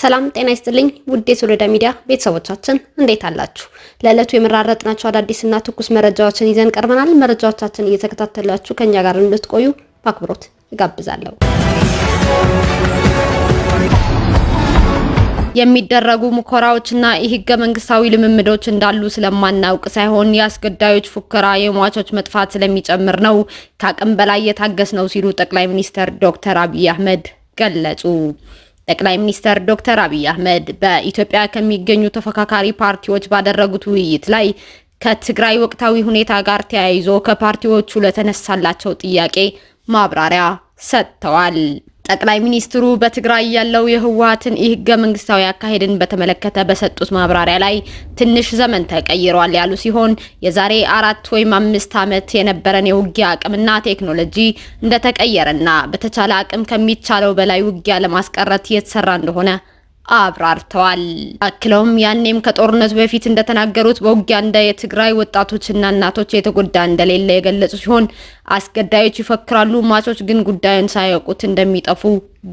ሰላም ጤና ይስጥልኝ ውድ የሶሎዳ ሚዲያ ቤተሰቦቻችን እንዴት አላችሁ? ለዕለቱ የመራረጥናቸው አዳዲስና ትኩስ መረጃዎችን ይዘን ቀርበናል። መረጃዎቻችን እየተከታተላችሁ ከኛ ጋር እንድትቆዩ በአክብሮት እጋብዛለሁ። የሚደረጉ ሙከራዎችና የህገ መንግስታዊ ልምምዶች እንዳሉ ስለማናውቅ ሳይሆን የአስገዳዮች ፉከራ የሟቾች መጥፋት ስለሚጨምር ነው ከአቅም በላይ የታገስ ነው ሲሉ ጠቅላይ ሚኒስትር ዶክተር አብይ አህመድ ገለጹ። ጠቅላይ ሚኒስትር ዶክተር አብይ አህመድ በኢትዮጵያ ከሚገኙ ተፎካካሪ ፓርቲዎች ባደረጉት ውይይት ላይ ከትግራይ ወቅታዊ ሁኔታ ጋር ተያይዞ ከፓርቲዎቹ ለተነሳላቸው ጥያቄ ማብራሪያ ሰጥተዋል። ጠቅላይ ሚኒስትሩ በትግራይ ያለው የህወሀትን የህገ መንግስታዊ አካሄድን በተመለከተ በሰጡት ማብራሪያ ላይ ትንሽ ዘመን ተቀይሯል ያሉ ሲሆን የዛሬ አራት ወይም አምስት ዓመት የነበረን የውጊያ አቅምና ቴክኖሎጂ እንደተቀየረና በተቻለ አቅም ከሚቻለው በላይ ውጊያ ለማስቀረት የተሰራ እንደሆነ አብራርተዋል። አክለውም ያኔም ከጦርነቱ በፊት እንደተናገሩት በውጊያ እንደ የትግራይ ወጣቶችና እናቶች የተጎዳ እንደሌለ የገለጹ ሲሆን አስገዳዮች ይፈክራሉ፣ ማቾች ግን ጉዳዩን ሳያውቁት እንደሚጠፉ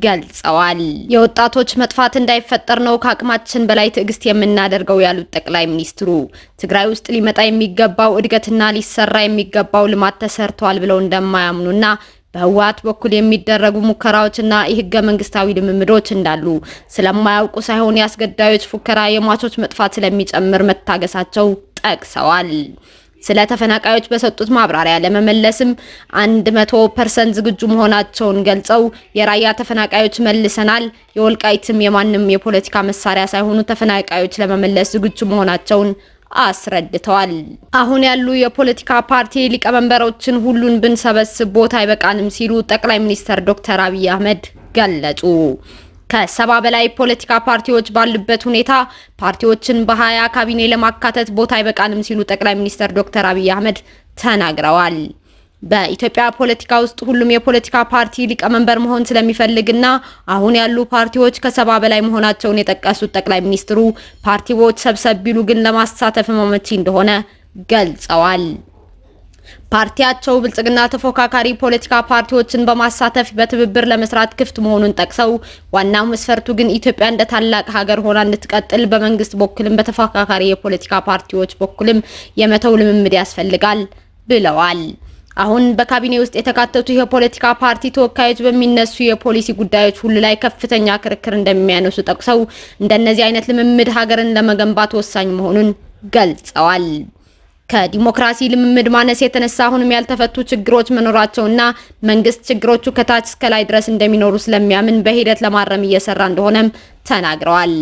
ገልጸዋል። የወጣቶች መጥፋት እንዳይፈጠር ነው ከአቅማችን በላይ ትዕግስት የምናደርገው ያሉት ጠቅላይ ሚኒስትሩ ትግራይ ውስጥ ሊመጣ የሚገባው እድገትና ሊሰራ የሚገባው ልማት ተሰርተዋል ብለው እንደማያምኑና በህወሓት በኩል የሚደረጉ ሙከራዎችና የህገ መንግስታዊ ልምምዶች እንዳሉ ስለማያውቁ ሳይሆን የአስገዳዮች ፉከራ የሟቾች መጥፋት ስለሚጨምር መታገሳቸው ጠቅሰዋል። ስለ ተፈናቃዮች በሰጡት ማብራሪያ ለመመለስም ፐርሰንት ዝግጁ መሆናቸውን ገልጸው የራያ ተፈናቃዮች መልሰናል፣ የወልቃይትም የማንም የፖለቲካ መሳሪያ ሳይሆኑ ተፈናቃዮች ለመመለስ ዝግጁ መሆናቸውን አስረድተዋል። አሁን ያሉ የፖለቲካ ፓርቲ ሊቀመንበሮችን ሁሉን ብንሰበስብ ቦታ አይበቃንም ሲሉ ጠቅላይ ሚኒስትር ዶክተር አብይ አህመድ ገለጹ። ከሰባ በላይ ፖለቲካ ፓርቲዎች ባሉበት ሁኔታ ፓርቲዎችን በሀያ ካቢኔ ለማካተት ቦታ አይበቃንም ሲሉ ጠቅላይ ሚኒስትር ዶክተር አብይ አህመድ ተናግረዋል። በኢትዮጵያ ፖለቲካ ውስጥ ሁሉም የፖለቲካ ፓርቲ ሊቀመንበር መሆን ስለሚፈልግና አሁን ያሉ ፓርቲዎች ከሰባ በላይ መሆናቸውን የጠቀሱት ጠቅላይ ሚኒስትሩ ፓርቲዎች ሰብሰብ ቢሉ ግን ለማሳተፍ መመቺ እንደሆነ ገልጸዋል። ፓርቲያቸው ብልጽግና ተፎካካሪ ፖለቲካ ፓርቲዎችን በማሳተፍ በትብብር ለመስራት ክፍት መሆኑን ጠቅሰው ዋናው መስፈርቱ ግን ኢትዮጵያ እንደ ታላቅ ሀገር ሆና እንድትቀጥል በመንግስት በኩልም በተፎካካሪ የፖለቲካ ፓርቲዎች በኩልም የመተው ልምምድ ያስፈልጋል ብለዋል። አሁን በካቢኔ ውስጥ የተካተቱ የፖለቲካ ፓርቲ ተወካዮች በሚነሱ የፖሊሲ ጉዳዮች ሁሉ ላይ ከፍተኛ ክርክር እንደሚያነሱ ጠቅሰው እንደነዚህ አይነት ልምምድ ሀገርን ለመገንባት ወሳኝ መሆኑን ገልጸዋል። ከዲሞክራሲ ልምምድ ማነስ የተነሳ አሁንም ያልተፈቱ ችግሮች መኖራቸውና መንግስት ችግሮቹ ከታች እስከ ላይ ድረስ እንደሚኖሩ ስለሚያምን በሂደት ለማረም እየሰራ እንደሆነም ተናግረዋል።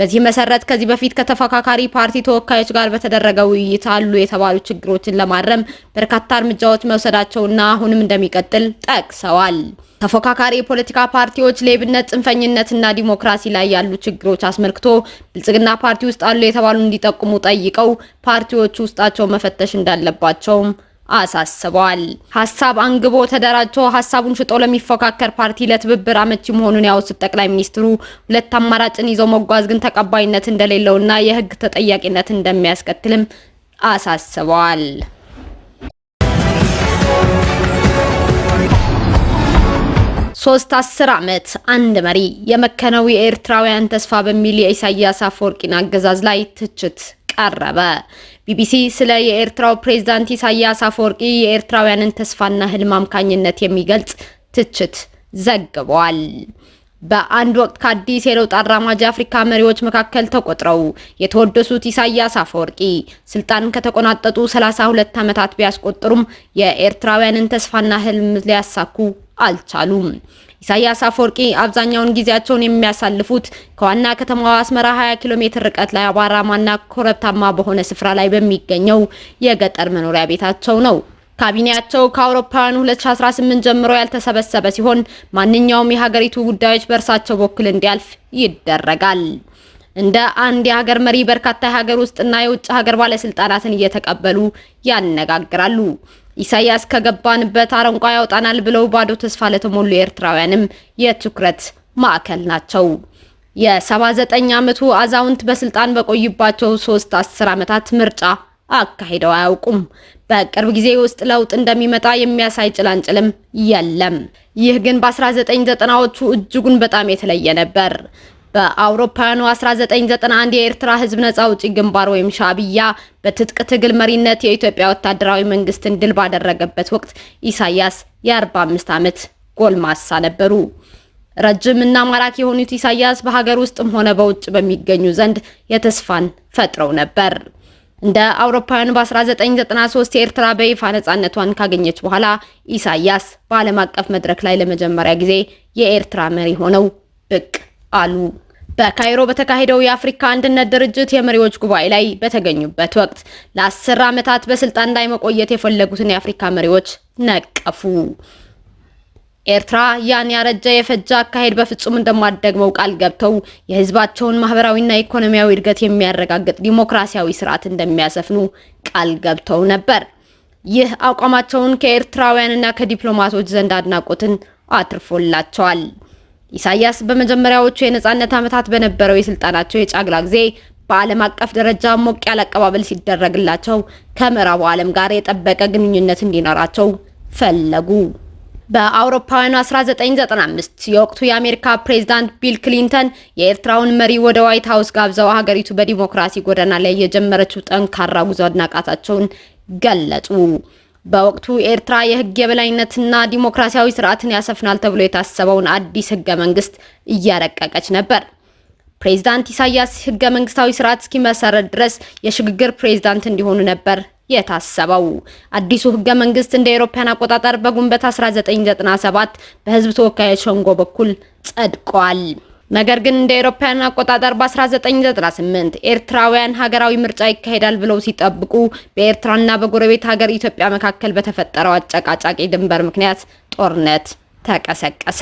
በዚህ መሰረት ከዚህ በፊት ከተፎካካሪ ፓርቲ ተወካዮች ጋር በተደረገ ውይይት አሉ የተባሉ ችግሮችን ለማረም በርካታ እርምጃዎች መውሰዳቸውና አሁንም እንደሚቀጥል ጠቅሰዋል። ተፎካካሪ የፖለቲካ ፓርቲዎች ሌብነት፣ ጽንፈኝነትና ዲሞክራሲ ላይ ያሉ ችግሮች አስመልክቶ ብልጽግና ፓርቲ ውስጥ አሉ የተባሉ እንዲጠቁሙ ጠይቀው ፓርቲዎቹ ውስጣቸው መፈተሽ እንዳለባቸውም አሳስበዋል። ሀሳብ አንግቦ ተደራጅቶ ሀሳቡን ሽጦ ለሚፎካከር ፓርቲ ለትብብር አመቺ መሆኑን ያወሱት ጠቅላይ ሚኒስትሩ ሁለት አማራጭን ይዘው መጓዝ ግን ተቀባይነት እንደሌለውና የህግ ተጠያቂነት እንደሚያስከትልም አሳስበዋል። ሶስት አስር ዓመት አንድ መሪ የመከነው የኤርትራውያን ተስፋ በሚል የኢሳያስ አፈወርቂን አገዛዝ ላይ ትችት ቀረበ። ቢቢሲ ስለ የኤርትራው ፕሬዝዳንት ኢሳያስ አፈወርቂ የኤርትራውያንን ተስፋና ህልም አምካኝነት የሚገልጽ ትችት ዘግቧል። በአንድ ወቅት ከአዲስ የለውጥ አራማጅ የአፍሪካ መሪዎች መካከል ተቆጥረው የተወደሱት ኢሳያስ አፈወርቂ ስልጣን ከተቆናጠጡ 32 ዓመታት ቢያስቆጥሩም የኤርትራውያንን ተስፋና ህልም ሊያሳኩ አልቻሉም። ኢሳያስ አፈወርቂ አብዛኛውን ጊዜያቸውን የሚያሳልፉት ከዋና ከተማዋ አስመራ 20 ኪሎ ሜትር ርቀት ላይ አቧራማና ኮረብታማ በሆነ ስፍራ ላይ በሚገኘው የገጠር መኖሪያ ቤታቸው ነው። ካቢኔያቸው ከአውሮፓውያኑ 2018 ጀምሮ ያልተሰበሰበ ሲሆን ማንኛውም የሀገሪቱ ጉዳዮች በእርሳቸው በኩል እንዲያልፍ ይደረጋል። እንደ አንድ የሀገር መሪ በርካታ የሀገር ውስጥና የውጭ ሀገር ባለስልጣናትን እየተቀበሉ ያነጋግራሉ። ኢሳያስ ከገባንበት አረንቋ ያውጣናል ብለው ባዶ ተስፋ ለተሞሉ ኤርትራውያንም የትኩረት ማዕከል ናቸው። የ79 ዓመቱ አዛውንት በስልጣን በቆይባቸው ሶስት አስር ዓመታት ምርጫ አካሂደው አያውቁም። በቅርብ ጊዜ ውስጥ ለውጥ እንደሚመጣ የሚያሳይ ጭላንጭልም የለም። ይህ ግን በ1990ዎቹ እጅጉን በጣም የተለየ ነበር። በአውሮፓውያኑ 1991 የኤርትራ ህዝብ ነጻ አውጪ ግንባር ወይም ሻዕቢያ በትጥቅ ትግል መሪነት የኢትዮጵያ ወታደራዊ መንግስትን ድል ባደረገበት ወቅት ኢሳያስ የ45 ዓመት ጎልማሳ ነበሩ። ረጅም እና ማራኪ የሆኑት ኢሳያስ በሀገር ውስጥም ሆነ በውጭ በሚገኙ ዘንድ የተስፋን ፈጥረው ነበር። እንደ አውሮፓውያኑ በ1993 የኤርትራ በይፋ ነጻነቷን ካገኘች በኋላ ኢሳያስ በዓለም አቀፍ መድረክ ላይ ለመጀመሪያ ጊዜ የኤርትራ መሪ ሆነው ብቅ አሉ። በካይሮ በተካሄደው የአፍሪካ አንድነት ድርጅት የመሪዎች ጉባኤ ላይ በተገኙበት ወቅት ለአስር ዓመታት በስልጣን ላይ መቆየት የፈለጉትን የአፍሪካ መሪዎች ነቀፉ። ኤርትራ ያን ያረጀ የፈጀ አካሄድ በፍጹም እንደማደግመው ቃል ገብተው የህዝባቸውን ማህበራዊና ኢኮኖሚያዊ እድገት የሚያረጋግጥ ዲሞክራሲያዊ ስርዓት እንደሚያሰፍኑ ቃል ገብተው ነበር። ይህ አቋማቸውን ከኤርትራውያንና ከዲፕሎማቶች ዘንድ አድናቆትን አትርፎላቸዋል። ኢሳያስ በመጀመሪያዎቹ የነጻነት ዓመታት በነበረው የስልጣናቸው የጫግላ ጊዜ በዓለም አቀፍ ደረጃ ሞቅ ያለ አቀባበል ሲደረግላቸው ከምዕራቡ ዓለም ጋር የጠበቀ ግንኙነት እንዲኖራቸው ፈለጉ። በአውሮፓውያኑ 1995 የወቅቱ የአሜሪካ ፕሬዝዳንት ቢል ክሊንተን የኤርትራውን መሪ ወደ ዋይት ሀውስ ጋብዘው ሀገሪቱ በዲሞክራሲ ጎዳና ላይ የጀመረችው ጠንካራ ጉዞ አድናቃታቸውን ገለጹ። በወቅቱ ኤርትራ የህግ የበላይነትና ዲሞክራሲያዊ ስርዓትን ያሰፍናል ተብሎ የታሰበውን አዲስ ህገ መንግስት እያረቀቀች ነበር። ፕሬዝዳንት ኢሳያስ ህገ መንግስታዊ ስርዓት እስኪመሰረት ድረስ የሽግግር ፕሬዝዳንት እንዲሆኑ ነበር የታሰበው። አዲሱ ህገ መንግስት እንደ አውሮፓውያን አቆጣጠር በግንቦት 1997 በህዝብ ተወካዮች ሸንጎ በኩል ጸድቋል። ነገር ግን እንደ አውሮፓውያን አቆጣጠር በ1998 ኤርትራውያን ሀገራዊ ምርጫ ይካሄዳል ብለው ሲጠብቁ በኤርትራና በጎረቤት ሀገር ኢትዮጵያ መካከል በተፈጠረው አጨቃጫቂ ድንበር ምክንያት ጦርነት ተቀሰቀሰ።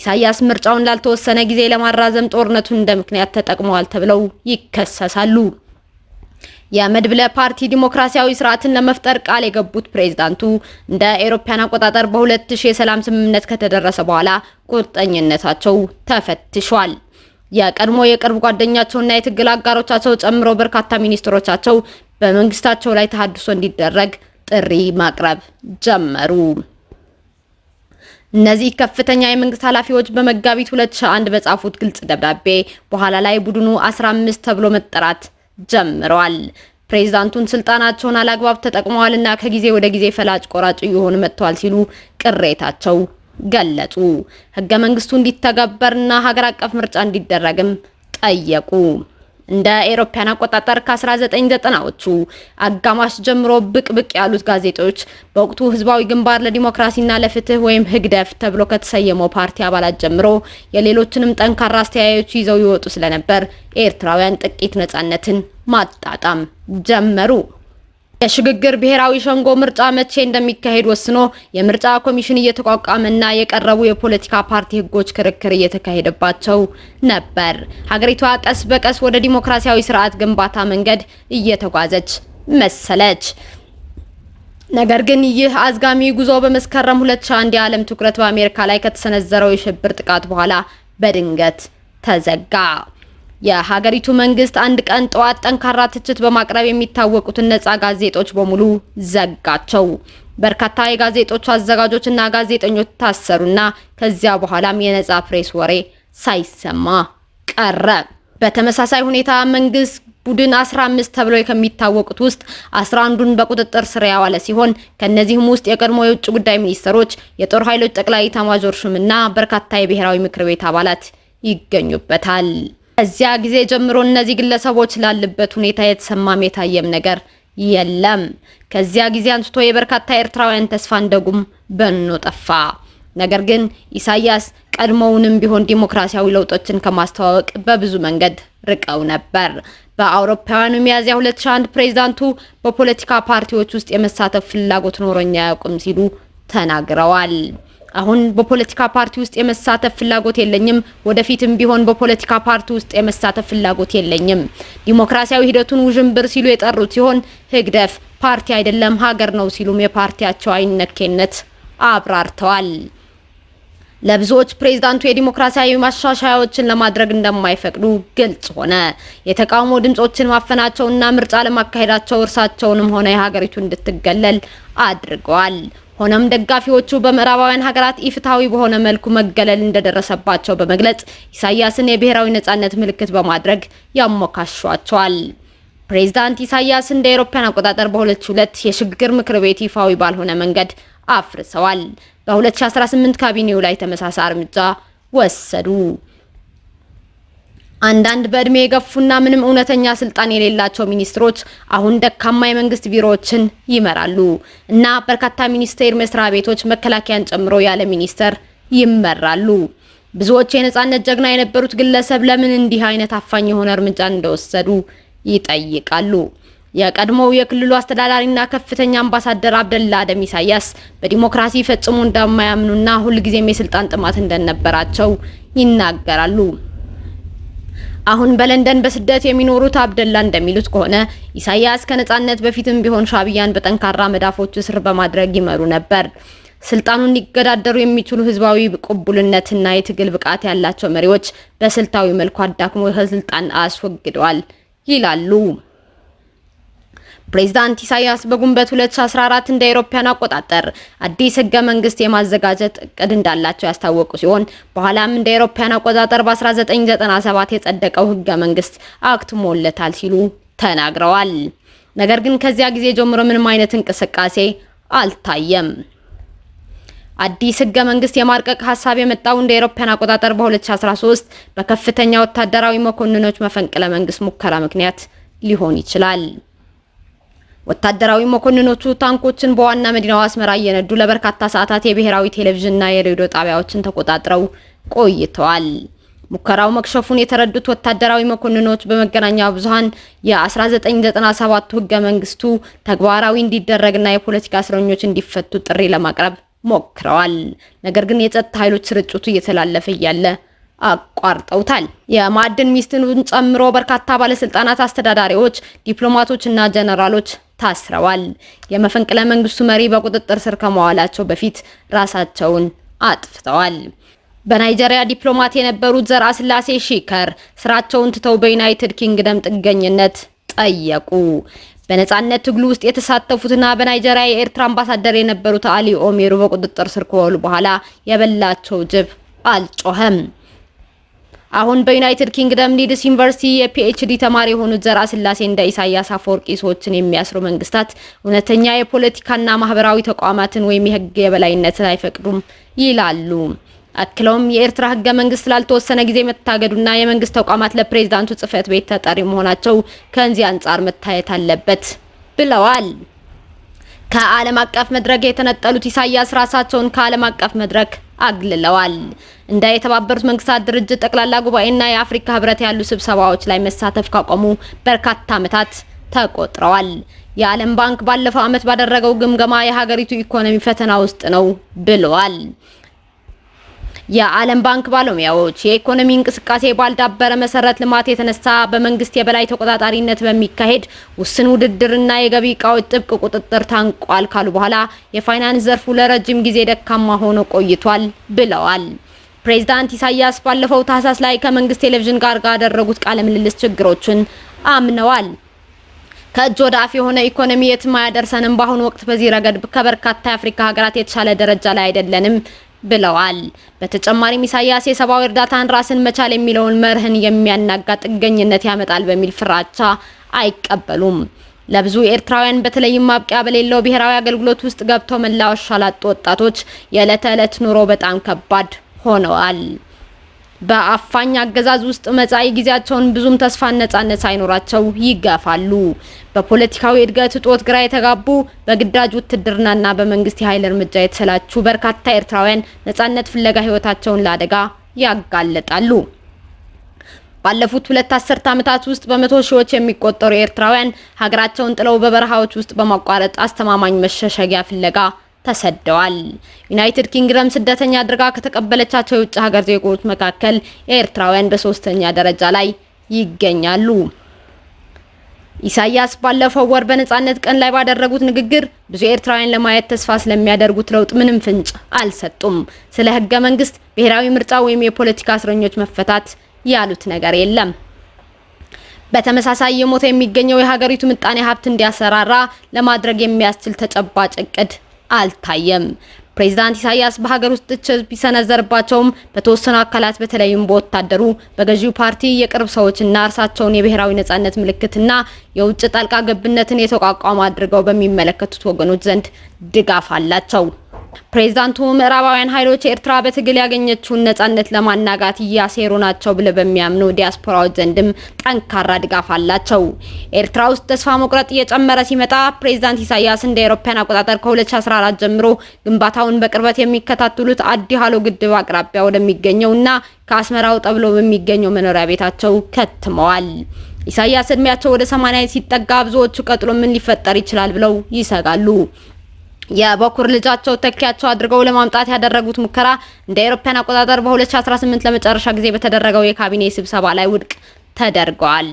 ኢሳያስ ምርጫውን ላልተወሰነ ጊዜ ለማራዘም ጦርነቱን እንደ ምክንያት ተጠቅመዋል ተብለው ይከሰሳሉ። የመድብለ ፓርቲ ዲሞክራሲያዊ ስርዓትን ለመፍጠር ቃል የገቡት ፕሬዝዳንቱ እንደ አውሮፓውያን አቆጣጠር በሁለት 2000 የሰላም ስምምነት ከተደረሰ በኋላ ቁርጠኝነታቸው ተፈትሿል። የቀድሞ የቅርብ ጓደኛቸውና የትግል አጋሮቻቸው ጨምሮ በርካታ ሚኒስትሮቻቸው በመንግስታቸው ላይ ተሃድሶ እንዲደረግ ጥሪ ማቅረብ ጀመሩ። እነዚህ ከፍተኛ የመንግስት ኃላፊዎች በመጋቢት 2001 በጻፉት ግልጽ ደብዳቤ በኋላ ላይ ቡድኑ 15 ተብሎ መጠራት ጀምረዋል። ፕሬዚዳንቱን ስልጣናቸውን አላግባብ ተጠቅመዋልና ከጊዜ ወደ ጊዜ ፈላጭ ቆራጭ እየሆኑ መጥተዋል ሲሉ ቅሬታቸው ገለጹ። ህገ መንግስቱ እንዲተገበርና ሀገር አቀፍ ምርጫ እንዲደረግም ጠየቁ። እንደ ኤሮፓያን አቆጣጠር ከ1990ዎቹ አጋማሽ ጀምሮ ብቅ ብቅ ያሉት ጋዜጦች በወቅቱ ህዝባዊ ግንባር ለዲሞክራሲና ለፍትህ ወይም ህግደፍ ተብሎ ከተሰየመው ፓርቲ አባላት ጀምሮ የሌሎችንም ጠንካራ አስተያየቶች ይዘው ይወጡ ስለነበር ኤርትራውያን ጥቂት ነጻነትን ማጣጣም ጀመሩ። የሽግግር ብሔራዊ ሸንጎ ምርጫ መቼ እንደሚካሄድ ወስኖ የምርጫ ኮሚሽን እየተቋቋመና የቀረቡ የፖለቲካ ፓርቲ ህጎች ክርክር እየተካሄደባቸው ነበር። ሀገሪቷ ቀስ በቀስ ወደ ዲሞክራሲያዊ ስርዓት ግንባታ መንገድ እየተጓዘች መሰለች። ነገር ግን ይህ አዝጋሚ ጉዞ በመስከረም 2001 የዓለም ትኩረት በአሜሪካ ላይ ከተሰነዘረው የሽብር ጥቃት በኋላ በድንገት ተዘጋ። የሀገሪቱ መንግስት አንድ ቀን ጠዋት ጠንካራ ትችት በማቅረብ የሚታወቁትን ነጻ ጋዜጦች በሙሉ ዘጋቸው። በርካታ የጋዜጦች አዘጋጆችና ጋዜጠኞች ታሰሩና ከዚያ በኋላም የነጻ ፕሬስ ወሬ ሳይሰማ ቀረ። በተመሳሳይ ሁኔታ መንግስት ቡድን 15 ተብለው ከሚታወቁት ውስጥ 11ዱን በቁጥጥር ስር ያዋለ ሲሆን ከነዚህም ውስጥ የቀድሞ የውጭ ጉዳይ ሚኒስትሮች፣ የጦር ኃይሎች ጠቅላይ ኢታማዦር ሹምና በርካታ የብሔራዊ ምክር ቤት አባላት ይገኙበታል። ከዚያ ጊዜ ጀምሮ እነዚህ ግለሰቦች ላለበት ሁኔታ የተሰማም የታየም ነገር የለም። ከዚያ ጊዜ አንስቶ የበርካታ ኤርትራውያን ተስፋ እንደጉም በኖ ጠፋ። ነገር ግን ኢሳያስ ቀድሞውንም ቢሆን ዲሞክራሲያዊ ለውጦችን ከማስተዋወቅ በብዙ መንገድ ርቀው ነበር። በአውሮፓውያኑ ሚያዝያ 2001 ፕሬዚዳንቱ በፖለቲካ ፓርቲዎች ውስጥ የመሳተፍ ፍላጎት ኖሮኛ አያውቅም ሲሉ ተናግረዋል። አሁን በፖለቲካ ፓርቲ ውስጥ የመሳተፍ ፍላጎት የለኝም። ወደፊትም ቢሆን በፖለቲካ ፓርቲ ውስጥ የመሳተፍ ፍላጎት የለኝም። ዲሞክራሲያዊ ሂደቱን ውዥንብር ሲሉ የጠሩት ሲሆን ህግደፍ ፓርቲ አይደለም ሀገር ነው ሲሉም የፓርቲያቸው አይነኬነት አብራርተዋል። ለብዙዎች ፕሬዝዳንቱ የዲሞክራሲያዊ ማሻሻያዎችን ለማድረግ እንደማይፈቅዱ ግልጽ ሆነ። የተቃውሞ ድምጾችን ማፈናቸውና ምርጫ ለማካሄዳቸው እርሳቸውንም ሆነ የሀገሪቱ እንድትገለል አድርገዋል። ሆነም ደጋፊዎቹ በምዕራባውያን ሀገራት ኢፍትሐዊ በሆነ መልኩ መገለል እንደደረሰባቸው በመግለጽ ኢሳያስን የብሔራዊ ነጻነት ምልክት በማድረግ ያሞካሿቸዋል። ፕሬዝዳንት ኢሳያስ እንደ አውሮፓውያን አቆጣጠር በ2002 የሽግግር ምክር ቤት ይፋዊ ባልሆነ መንገድ አፍርሰዋል። በ2018 ካቢኔው ላይ ተመሳሳይ እርምጃ ወሰዱ። አንዳንድ በእድሜ የገፉና ምንም እውነተኛ ስልጣን የሌላቸው ሚኒስትሮች አሁን ደካማ የመንግስት ቢሮዎችን ይመራሉ እና በርካታ ሚኒስቴር መስሪያ ቤቶች መከላከያን ጨምሮ ያለ ሚኒስተር ይመራሉ። ብዙዎች የነጻነት ጀግና የነበሩት ግለሰብ ለምን እንዲህ አይነት አፋኝ የሆነ እርምጃ እንደወሰዱ ይጠይቃሉ። የቀድሞው የክልሉ አስተዳዳሪና ከፍተኛ አምባሳደር አብደላ አደም ኢሳያስ በዲሞክራሲ ፈጽሞ እንደማያምኑና ሁልጊዜም የስልጣን ጥማት እንደነበራቸው ይናገራሉ። አሁን በለንደን በስደት የሚኖሩት አብደላ እንደሚሉት ከሆነ ኢሳያስ ከነጻነት በፊትም ቢሆን ሻቢያን በጠንካራ መዳፎቹ ስር በማድረግ ይመሩ ነበር። ስልጣኑን ሊገዳደሩ የሚችሉ ህዝባዊ ቅቡልነትና የትግል ብቃት ያላቸው መሪዎች በስልታዊ መልኩ አዳክሞ ከስልጣን አስወግደዋል ይላሉ። ፕሬዝዳንት ኢሳያስ በጉንበት 2014 እንደ አውሮፓውያን አቆጣጠር አዲስ ህገ መንግስት የማዘጋጀት እቅድ እንዳላቸው ያስታወቁ ሲሆን በኋላም እንደ አውሮፓውያን አቆጣጠር በ1997 የጸደቀው ህገ መንግስት አክትሞለታል ሲሉ ተናግረዋል። ነገር ግን ከዚያ ጊዜ ጀምሮ ምንም አይነት እንቅስቃሴ አልታየም። አዲስ ህገ መንግስት የማርቀቅ ሀሳብ የመጣው እንደ አውሮፓውያን አቆጣጠር በ2013 በከፍተኛ ወታደራዊ መኮንኖች መፈንቅለ መንግስት ሙከራ ምክንያት ሊሆን ይችላል። ወታደራዊ መኮንኖቹ ታንኮችን በዋና መዲናው አስመራ እየነዱ ለበርካታ ሰዓታት የብሔራዊ ቴሌቪዥንና የሬዲዮ ጣቢያዎችን ተቆጣጥረው ቆይተዋል። ሙከራው መክሸፉን የተረዱት ወታደራዊ መኮንኖች በመገናኛ ብዙሃን የ 1997 ህገ መንግስቱ ተግባራዊ እንዲደረግና የፖለቲካ እስረኞች እንዲፈቱ ጥሪ ለማቅረብ ሞክረዋል። ነገር ግን የጸጥታ ኃይሎች ስርጭቱ እየተላለፈ እያለ አቋርጠውታል። የማዕድን ሚኒስትሩን ጨምሮ በርካታ ባለስልጣናት፣ አስተዳዳሪዎች፣ ዲፕሎማቶች እና ጀነራሎች ታስረዋል። የመፈንቅለ መንግስቱ መሪ በቁጥጥር ስር ከመዋላቸው በፊት ራሳቸውን አጥፍተዋል። በናይጀሪያ ዲፕሎማት የነበሩት ዘራ ስላሴ ሺከር ስራቸውን ትተው በዩናይትድ ኪንግደም ጥገኝነት ጠየቁ። በነጻነት ትግሉ ውስጥ የተሳተፉትና በናይጀሪያ የኤርትራ አምባሳደር የነበሩት አሊ ኦሜሩ በቁጥጥር ስር ከዋሉ በኋላ የበላቸው ጅብ አልጮኸም። አሁን በዩናይትድ ኪንግደም ሊድስ ዩኒቨርሲቲ የፒኤችዲ ተማሪ የሆኑት ዘራ ስላሴ እንደ ኢሳያስ አፈወርቂ ሰዎችን የሚያስሩ መንግስታት እውነተኛ የፖለቲካና ማህበራዊ ተቋማትን ወይም የህግ የበላይነትን አይፈቅዱም ይላሉ። አክለውም የኤርትራ ህገ መንግስት ላልተወሰነ ጊዜ መታገዱና የመንግስት ተቋማት ለፕሬዝዳንቱ ጽህፈት ቤት ተጠሪ መሆናቸው ከዚህ አንጻር መታየት አለበት ብለዋል። ከዓለም አቀፍ መድረክ የተነጠሉት ኢሳያስ ራሳቸውን ከዓለም አቀፍ መድረክ አግልለዋል። እንደ የተባበሩት መንግስታት ድርጅት ጠቅላላ ጉባኤና የአፍሪካ ህብረት ያሉ ስብሰባዎች ላይ መሳተፍ ካቆሙ በርካታ ዓመታት ተቆጥረዋል። የዓለም ባንክ ባለፈው ዓመት ባደረገው ግምገማ የሀገሪቱ ኢኮኖሚ ፈተና ውስጥ ነው ብለዋል። የዓለም ባንክ ባለሙያዎች የኢኮኖሚ እንቅስቃሴ ባልዳበረ መሰረት ልማት የተነሳ በመንግስት የበላይ ተቆጣጣሪነት በሚካሄድ ውስን ውድድርና የገቢ እቃዎች ጥብቅ ቁጥጥር ታንቋል ካሉ በኋላ የፋይናንስ ዘርፉ ለረጅም ጊዜ ደካማ ሆኖ ቆይቷል ብለዋል። ፕሬዚዳንት ኢሳያስ ባለፈው ታህሳስ ላይ ከመንግስት ቴሌቪዥን ጋር ያደረጉት ቃለ ምልልስ ችግሮችን አምነዋል። ከእጅ ወደ አፍ የሆነ ኢኮኖሚ የትም አያደርሰንም። በአሁኑ ወቅት በዚህ ረገድ ከበርካታ የአፍሪካ ሀገራት የተሻለ ደረጃ ላይ አይደለንም ብለዋል። በተጨማሪም ኢሳያስ የሰብአዊ እርዳታን ራስን መቻል የሚለውን መርህን የሚያናጋ ጥገኝነት ያመጣል በሚል ፍራቻ አይቀበሉም። ለብዙ ኤርትራውያን በተለይም ማብቂያ በሌለው ብሔራዊ አገልግሎት ውስጥ ገብተው መላወሻ ላጡ ወጣቶች የዕለት ተዕለት ኑሮ በጣም ከባድ ሆነዋል። በአፋኝ አገዛዝ ውስጥ መጻኢ ጊዜያቸውን ብዙም ተስፋ ነጻነት ሳይኖራቸው ይጋፋሉ። በፖለቲካዊ እድገት እጦት ግራ የተጋቡ በግዳጅ ውትድርናና በመንግስት የኃይል እርምጃ የተሰላቹ በርካታ ኤርትራውያን ነጻነት ፍለጋ ህይወታቸውን ለአደጋ ያጋለጣሉ። ባለፉት ሁለት አስርት ዓመታት ውስጥ በመቶ ሺዎች የሚቆጠሩ ኤርትራውያን ሀገራቸውን ጥለው በበረሃዎች ውስጥ በማቋረጥ አስተማማኝ መሸሸጊያ ፍለጋ ተሰደዋል። ዩናይትድ ኪንግደም ስደተኛ አድርጋ ከተቀበለቻቸው የውጭ ሀገር ዜጎች መካከል ኤርትራውያን በሶስተኛ ደረጃ ላይ ይገኛሉ። ኢሳያስ ባለፈው ወር በነጻነት ቀን ላይ ባደረጉት ንግግር ብዙ ኤርትራውያን ለማየት ተስፋ ስለሚያደርጉት ለውጥ ምንም ፍንጭ አልሰጡም። ስለ ህገ መንግስት፣ ብሔራዊ ምርጫ ወይም የፖለቲካ እስረኞች መፈታት ያሉት ነገር የለም። በተመሳሳይ የሞተ የሚገኘው የሀገሪቱ ምጣኔ ሀብት እንዲያሰራራ ለማድረግ የሚያስችል ተጨባጭ እቅድ አልታየም። ፕሬዚዳንት ኢሳያስ በሀገር ውስጥ ትችት ቢሰነዘርባቸውም በተወሰኑ አካላት በተለይም በወታደሩ በገዢው ፓርቲ የቅርብ ሰዎችና እርሳቸውን የብሔራዊ ነጻነት ምልክትና የውጭ ጣልቃ ገብነትን የተቋቋመ አድርገው በሚመለከቱት ወገኖች ዘንድ ድጋፍ አላቸው። ፕሬዝዳንቱ ምዕራባውያን ኃይሎች ኤርትራ በትግል ያገኘችውን ነጻነት ለማናጋት እያሴሩ ናቸው ብለው በሚያምኑ ዲያስፖራዎች ዘንድም ጠንካራ ድጋፍ አላቸው። ኤርትራ ውስጥ ተስፋ መቁረጥ እየጨመረ ሲመጣ ፕሬዝዳንት ኢሳያስ እንደ አውሮፓውያን አቆጣጠር ከ2014 ጀምሮ ግንባታውን በቅርበት የሚከታተሉት አዲሃሎ ግድብ አቅራቢያ ወደሚገኘው ወደሚገኘውና ከአስመራው ጠብሎ በሚገኘው መኖሪያ ቤታቸው ከትመዋል። ኢሳያስ እድሜያቸው ወደ 80 ሲጠጋ ብዙዎቹ ቀጥሎ ምን ሊፈጠር ይችላል ብለው ይሰጋሉ። የበኩር ልጃቸው ተኪያቸው አድርገው ለማምጣት ያደረጉት ሙከራ እንደ አውሮፓውያን አቆጣጠር በ2018 ለመጨረሻ ጊዜ በተደረገው የካቢኔ ስብሰባ ላይ ውድቅ ተደርገዋል።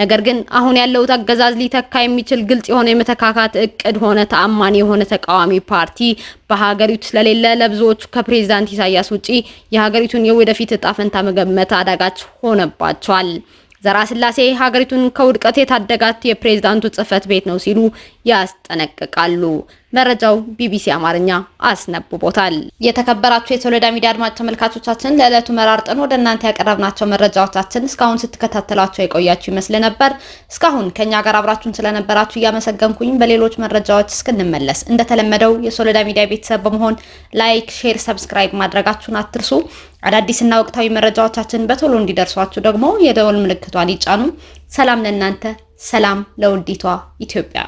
ነገር ግን አሁን ያለው አገዛዝ ሊተካ የሚችል ግልጽ የሆነ የመተካካት እቅድ ሆነ ተአማኒ የሆነ ተቃዋሚ ፓርቲ በሀገሪቱ ስለሌለ ለብዙዎቹ ከፕሬዚዳንት ኢሳያስ ውጪ የሀገሪቱን የወደፊት እጣ ፈንታ መገመት አዳጋች ሆነባቸዋል። ዘራ ስላሴ ሀገሪቱን ከውድቀት የታደጋት የፕሬዝዳንቱ ጽህፈት ቤት ነው ሲሉ ያስጠነቅቃሉ። መረጃው ቢቢሲ አማርኛ አስነብቦታል። የተከበራችሁ የሶሎዳ ሚዲያ አድማጭ ተመልካቾቻችን ለዕለቱ መራርጠን ወደ እናንተ ያቀረብናቸው መረጃዎቻችን እስካሁን ስትከታተሏቸው የቆያችሁ ይመስል ነበር። እስካሁን ከኛ ጋር አብራችሁን ስለነበራችሁ እያመሰገንኩኝ በሌሎች መረጃዎች እስክንመለስ እንደተለመደው የሶሎዳ ሚዲያ ቤተሰብ በመሆን ላይክ፣ ሼር፣ ሰብስክራይብ ማድረጋችሁን አትርሱ። አዳዲስና ወቅታዊ መረጃዎቻችን በቶሎ እንዲደርሷችሁ ደግሞ የደወል ምልክቷን ይጫኑ። ሰላም ለእናንተ፣ ሰላም ለውዲቷ ኢትዮጵያ።